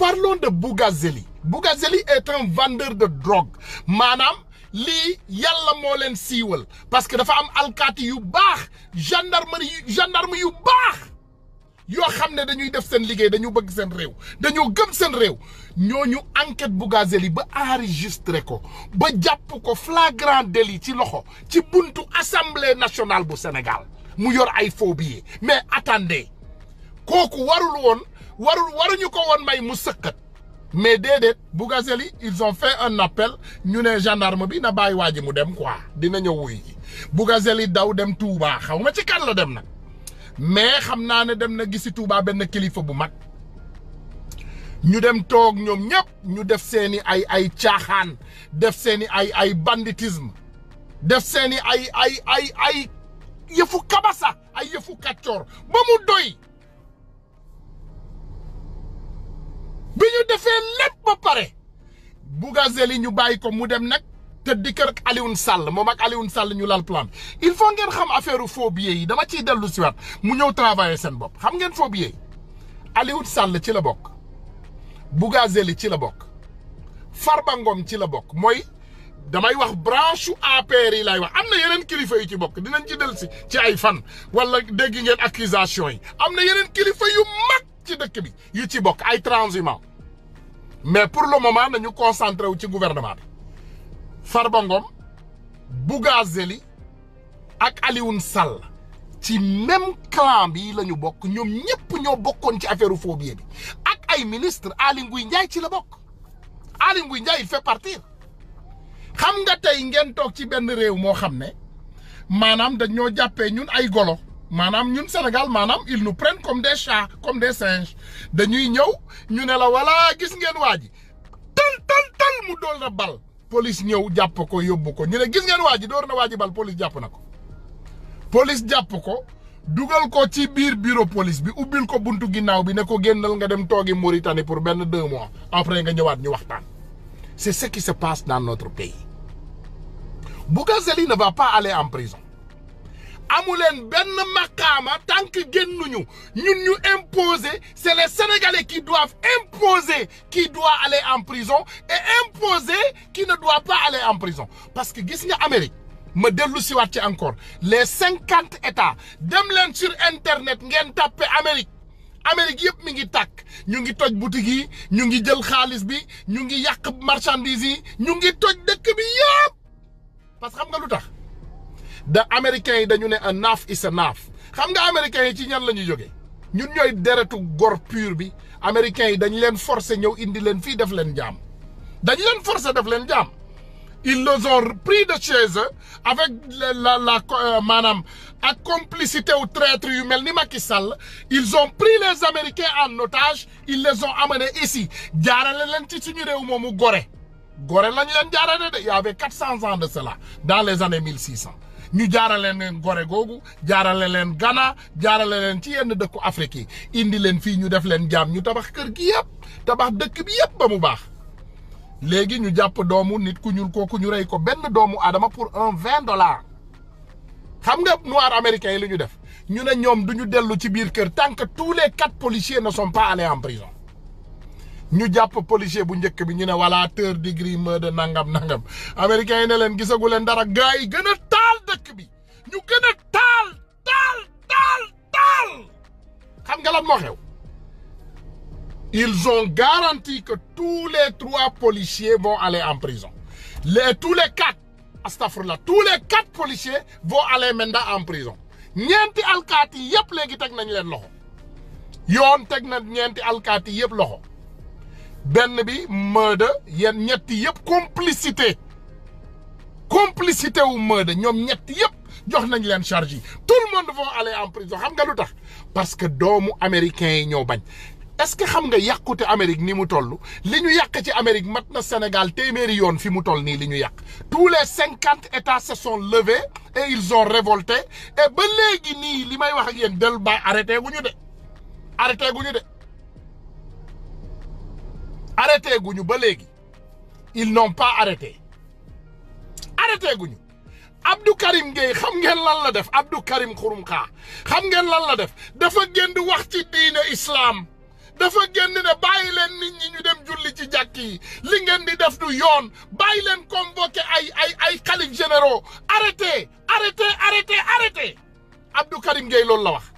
parlons de Bougazeli Bougazeli est un vendeur de drogue maanaam lii yàlla moo leen siiwal parce que dafa am alkaati yu baax gendarmerie gendarme yu baax yoo xam ne dañuy def seen liggéey dañu bëgg seen réew dañoo gëm seen réew ñoo ñu enquête Bougazeli ba enregistré ko ba jàpp ko flagrand délit ci loxo ci buntu assemblée nationale bu Sénégal mu yor ay faux mais attendez kooku warul woon warul waruñu ko woon may mu sëkkat mais déedéet Bougazelli ils ont fait un appel ñu ne gendarme bi na bàyyi waa ji mu dem quoi dina ñëw wuy ji Bougazelli daw dem Touba xaw ma ci kan la dem nag mais xam naa ne dem na gisi Touba benn kilifa bu mag ñu dem toog ñoom ñëpp ñu def seeni ay ay caaxaan def seeni ay ay banditisme def seeni ay ay ay ay yëfu kabasa ay yëfu kàccoor ba mu doy bi ñu defee lépp ba pare Bougazelli ñu bàyyi ko mu dem nag te di kër Alioune sàll moom ak Alioune Sall ñu lal plan il faut ngeen xam affaire faux billets dama ciy dellu si mu ñëw travailler seen bopp xam ngeen faux billets yi sàll ci la bokk Bougazelli ci la bokk Farba Ngom ci la bokk mooy damay wax branche APR yi laay wax am na yeneen kilifa yu ci bokk dinañ ci dellu si ci ay fan wala dégg ngeen accusation yi am na yeneen kilifa yu mag ci dëkk bi yu ci bokk ay transhumants mais pour le moment nañu concentré wu ci gouvernement bi Farba Ngom Bougazeli ak Alioune Sall ci même clan bi la ñu bokk ñoom ñëpp ñoo bokkoon ci affaire phobie bi ak ay ministre Aly Ngouille Ndiaye ci la bokk Aly Ngouille Ndiaye il fait xam nga tey ngeen toog ci benn réew moo xam ne maanaam dañoo jàppee ñun ay golo maanaam ñun Sénégal maanaam ils nous prennent comme des chats comme des singes dañuy ñëw ñu ne la wala gis ngeen waa ji tal tal tal mu dool na bal police ñëw jàpp ko yóbbu ko ñu ne gis ngeen waa ji door na waa ji bal police jàpp na ko police jàpp ko dugal ko ci biir bureau police bi ubbil ko buntu ginnaaw bi ne ko génnal nga dem toog yi Mauritanie pour benn deux mois après nga ñëwaat ñu waxtaan c'est ce qui se passe dans notre pays Bougazeli ne va pas aller en prison amuleen benn maqaama tant que génnuñu ñun ñu imposer c'est les Sénégalais qui doivent imposer qui doit aller en prison et imposer qui na doit pas aller en prison parce que gis nga Amérique ma dellu si waat ci encore les cinquante états dem leen sur internet ngeen tappe Amérique Amérique yëpp mi ngi tàkk ñu ngi toj boutique yi ñu ngi jël xaalis bi ñu ngi yàq marchandise yi ñu ngi toj dëkk bi yëpp parce que xam nga lu tax de américains yi dañu ne enough is enough xam nga américains yi ci ñan la ñuy jógee ñun ñooy deretu góor pur bi américains yi dañ leen forcer ñëw indi leen fii def leen jaam dañu leen forcer def leen jaam ils les ont pris de chez eux avec la la euh, maanaam ak complicité wu traître yu mel ni Macky Sall ils ont pris les américains en otage ils les ont amenés ici jaarale leen ci suñu réew moomu Gorée Gorée lañ leen jaarale de y avait quatre cents ans de cela dans les années ñu jaarale leen gore googu jaarale leen Ghana jaarale leen ci yenn dëkku Afrique yi indi leen fii ñu def leen jaam ñu tabax kër gi yëpp tabax dëkk bi yëpp ba mu baax léegi ñu jàpp doomu nit ku ñuul kooku ñu rey ko benn doomu aadama pour un vingt dollars xam nga noir américain yi li ñu def ñu ne ñoom duñu dellu ci biir kër tant que tous les quatre policiers ne sont pas allés en prison ñu jàpp policier bu njëkk bi ñu ne voilà third degré murder nangam nangam américain yi ne leen gisagu leen dara gars yi gën a dëkk bi ñu gën a taal taal taal taal xam nga lan moo xew ils ont garanti que tous les trois policiers vont aller en prison les tous les quatre astafurlah tous les quatre policiers vont aller maintenant en prison ñeenti alkaati yëpp léegi teg nañ leen loxo yoon teg na ñeenti alkaati yëpp loxo benn bi meurtre yenn ñetti yëpp complicité complicité wu meurtre ñoom ñett yëpp jox nañ leen charge yi tout le monde vont aller en prison xam nga lu tax parce que doomu américains yi ñoo bañ est-ce que xam nga yàqute Amérique ni mu toll li ñu yàq ci Amérique mat na Sénégal téeméeri yoon fi mu toll nii li ñu yàq tous les cinquante états se sont levés et ils ont révolté et ba léegi nii li may wax ak yéen del ba arrêté gu ñu de arrêté gu ñu de arrêté gu ñu ba léegi ils n'ont pas arrêté arrêté guñu Abdou Karim Gueye xam ngeen lan la def Abdou Karim Xurum xam ngeen lan la def dafa génn wax ci diine islaam dafa génn ne bàyyi leen nit ñi ñu dem julli ci jàkk yi li ngeen di def du yoon bàyyi leen convoqué ay ay ay xalif généraux arrêté arrêté arrêté arrêté Abdou Karim Gueye la wax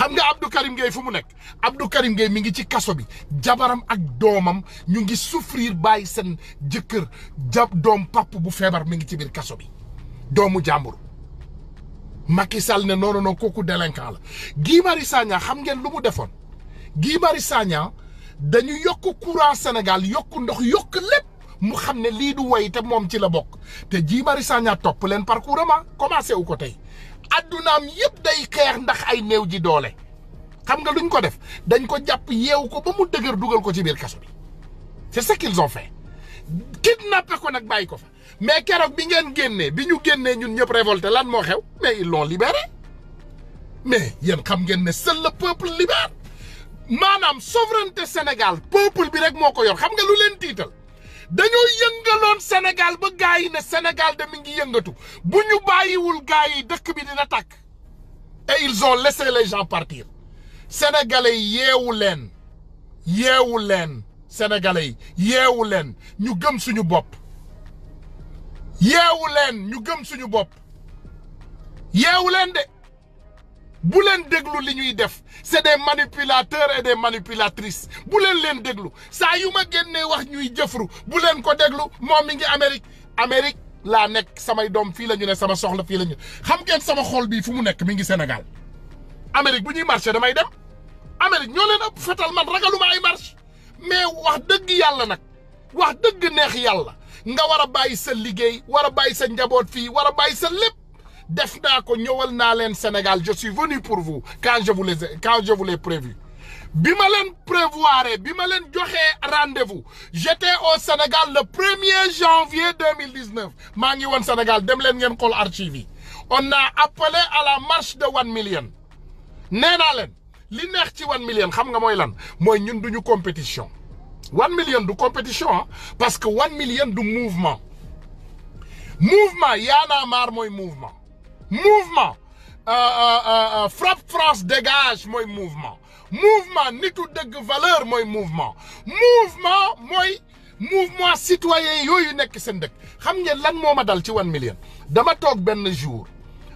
xam nga Abdou Karim Gueye mu nekk Abdou Karim Gueye mi ngi ci kaso bi jabaram ak doomam ñu ngi souffrir bàyyi seen jëkkër jab doom pàpp bu feebar mi ngi ci biir kaso bi doomu jàmbur Macky Sall ne non non kooku délinquant la Guy Marius Sagna xam ngeen lu mu defoon giimari Marius Sagna dañu yokk courant senegal yokk ndox yokk lépp mu xam ne lii du woy te moom ci la bokk te Guy Marius Sagna topp leen parcours am commencé wu ko tey addunaam yëpp day xeex ndax ay néew ji doole xam nga luñ ko def dañ ko jàpp yeew ko ba mu dëgër dugal ko ci biir kaso bi c'est ce qu'ils ont fait kidnappé ko nag bàyyi ko fa mais keroog bi ngeen génnee bi ñu génnee ñun ñëpp révolté lan moo xew mais ils l'ont mais yéen xam ngeen ne seul le peuple libère maanaam souveraineté Sénégal peuple bi rek moo ko yor xam lu leen tiital dañoo yëngaloon senegal ba gaa yi ne Sénégal de mi ngi yëngatu bu ñu bàyyiwul yi dëkk bi dina tàkk et ils ont laissé les gens partir sénégalais yi yeewu leen yeewu leen sénégalais yi yeewu leen ñu gëm suñu bopp yeewu leen ñu gëm suñu bopp yeewu de bu leen déglu li ñuy def c'est des manipulateurs et des manipulatrices bu leen leen déglu saa yu ma génnee wax ñuy jëfru bu leen ko déglu moom mi ngi Amérique Amérique laa nekk samay doom fii la ñu ne sama soxla fii la ñu xam ngeen sama xol bii fu mu nekk mi ngi Sénégal Amérique bu ñuy marché damay dem Amérique ñoo leen ëpp fetal man ragaluma ay marche mais wax dëgg yàlla nag wax dëgg neex yàlla nga war a bàyyi sa liggéey war bàyyi sa njaboot fii war a bàyyi sa lépp def naa ko ñëwal naa leen Sénégal je suis venu pour vous quand je vous les quand je vous l'ai prévu bi ma leen prévoir bi ma leen joxee rendez-vous j'étais au Sénégal le 1er janvier maa ngi woon Sénégal dem ngeen xool archive yi on a appelé à la marche de wan million nee naa leen li neex ci wan million xam nga mooy lan mooy ñun duñu compétition wan million du compétition ah parce que wan million du mouvement mouvement Y'en a marre mooy mouvement mouvement euh, euh, euh, frappe France dégage mooy mouvement mouvement nitu dëgg valeur mooy mouvement mouvement mooy mouvement citoyen yooyu nekk seen dëkk xam ngeen lan moo ma dal ci one million dama toog benn jour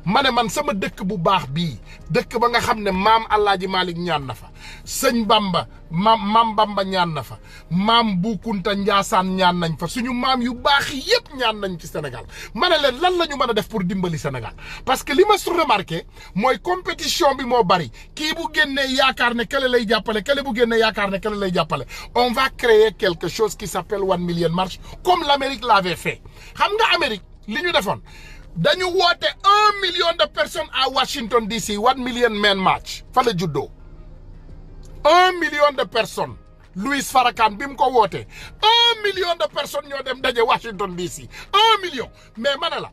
ma ne man sama dëkk bu baax bii dëkk ba nga xam ne maam Alaaji Malick ñaan na fa sëñ Bamba maam maam Bamba ñaan na fa maam Boukounta Njaasaan ñaan nañ fa suñu maam yu baax yépp ñaan nañ ci Sénégal ma ne leen lan la ñu mën a def pour dimbali Sénégal parce que li ma su remarqué mooy compétition bi moo bari kii bu génnee yaakaar ne kale lay jàppale kale bu génnee yaakaar ne kale lay jàppale on va créer quelque chose qui s'appelle One Million March comme l'Amérique l'avait fait xam nga Amérique li ñu defoon dañu woote un million de personnes à wa DC One Million Man March fa la juddoo un million de personnes Louis Farrakhan bi mu ko wootee un million de personnes ñoo dem daje Washington DC un million mais ma ne la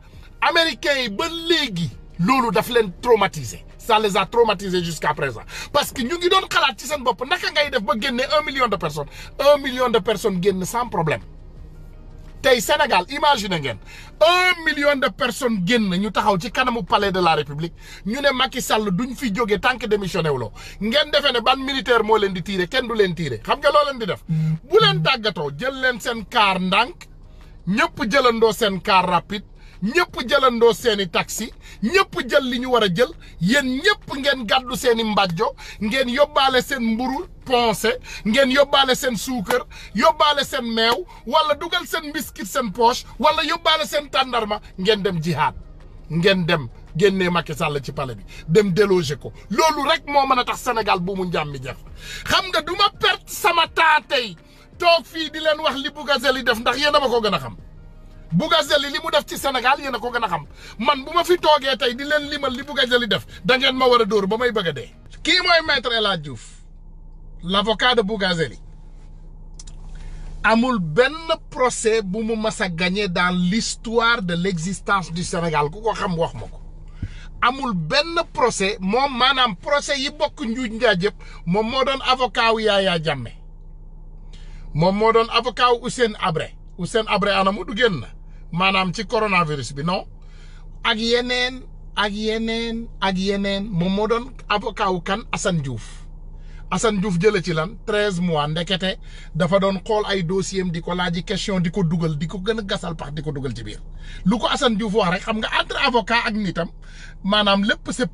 américains yi ba léegi loolu daf leen traumatisé ça les a traumatisés jusqu'à présent parce ñu ngi doon xalaat ci seen bopp naka ngay def ba génne un million de personnes un million de personnes génn sans problème tey Sénégal imagine ngeen un million de personnes génn ñu taxaw ci kanamu palais de la République ñu ne Macky Sall duñ fi jóge tànk que démissionné wuloo ngeen defee ne ban militaire moo leen di tiire kenn du leen tiire xam nga loo leen di def. Mm. bu leen tàggatoo jël leen seen car ndànk ñëpp jëlandoo seen car rapide. ñëpp jëlandoo seeni taxi ñëpp jël li ñu war a jël yéen ñëpp ngeen gàddu seeni mbàjjo ngeen yóbbaale seen mburu poncé ngeen yóbbaale seen suukar yóbbaale seen meew wala dugal seen biscuit seen poche wala yóbbaale seen tàndarma ngeen dem jihaad ngeen dem génnee Macky Sall ci pale bi dem déloger ko loolu rek moo mën a tax Sénégal bu mu njàmmi jeex xam nga du ma perte sama tey toog fii di leen wax li Bougazelli def ndax yéen a ma ko gën a xam Bougazelli li mu def ci Sénégal yéen a ko gën a xam man bu ma fi toogee tey di leen limal li Bougazelli def da ngeen ma war a dóor ba may bëgg a dee. kii mooy maître El Hadj Diouf l' avocat amul benn procès bu mu masa a daan dans l'histoire de l' di du Sénégal ku ko xam wax ma ko amul benn procès moom maanaam procès yi bokk njuuj njaaj yëpp moom moo doon avocat wu Yaya Jammeh moom moo doon avocat wu Hissène Habré Hissène Habré ana mu du génn na maanaam ci coronavirus bi non ak yeneen ak yeneen ak yeneen moom moo doon avocat kan Assane Diouf Assane Diouf jële ci lan treize mois ndekete dafa doon xool ay dossier di ko laaji question di ko dugal di ko gën a gasal pax di ko dugal ci biir lu ko Assane Diouf wax rek xam nga entre avocat ak nitam maanaam lépp c'est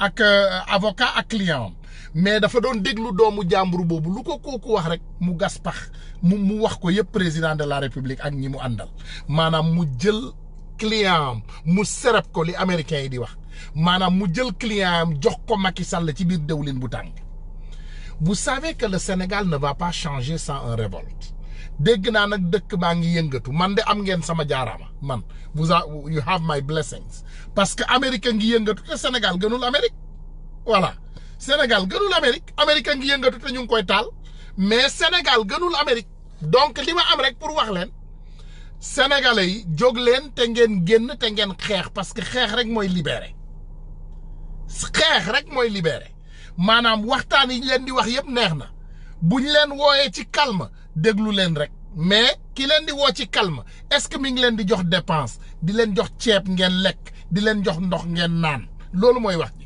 ak euh, avocat ak client mais dafa doon déglu doomu jàmbur boobu lu ko kooku wax rek mu gas pax mu mu wax ko yëpp président de la république ak ñi mu àndal maanaam mu jël client mu sereb ko li américains yi di wax maanaam mu jël client jox ko Macky Sall ci biir dëwlin bu tàng bu savez que le Sénégal ne va pas changer sans un révolte dégg naa nag dëkk maa ngi yëngatu man de am ngeen sama jaaraama man vous a you have my blessings parce que Amérique ngi yëngatu te Sénégal gënul Amérique voilà Sénégal gënul Amérique Amérique ngi yëngatu te ñu ngi koy taal mais Sénégal gënul Amérique donc li ma am rek pour wax leen sénégalais yi jóg leen te ngeen génn te ngeen xeex parce que xeex rek mooy libéré xeex rek mooy libéré maanaam waxtaan yi leen di wax yëpp neex na bu ñu leen wooyee ci calme. déglu leen rek mais ki leen di woo ci calme est-ce que mi ngi leen di jox dépense di leen jox ceeb ngeen lekk di leen jox ndox ngeen naan loolu mooy wax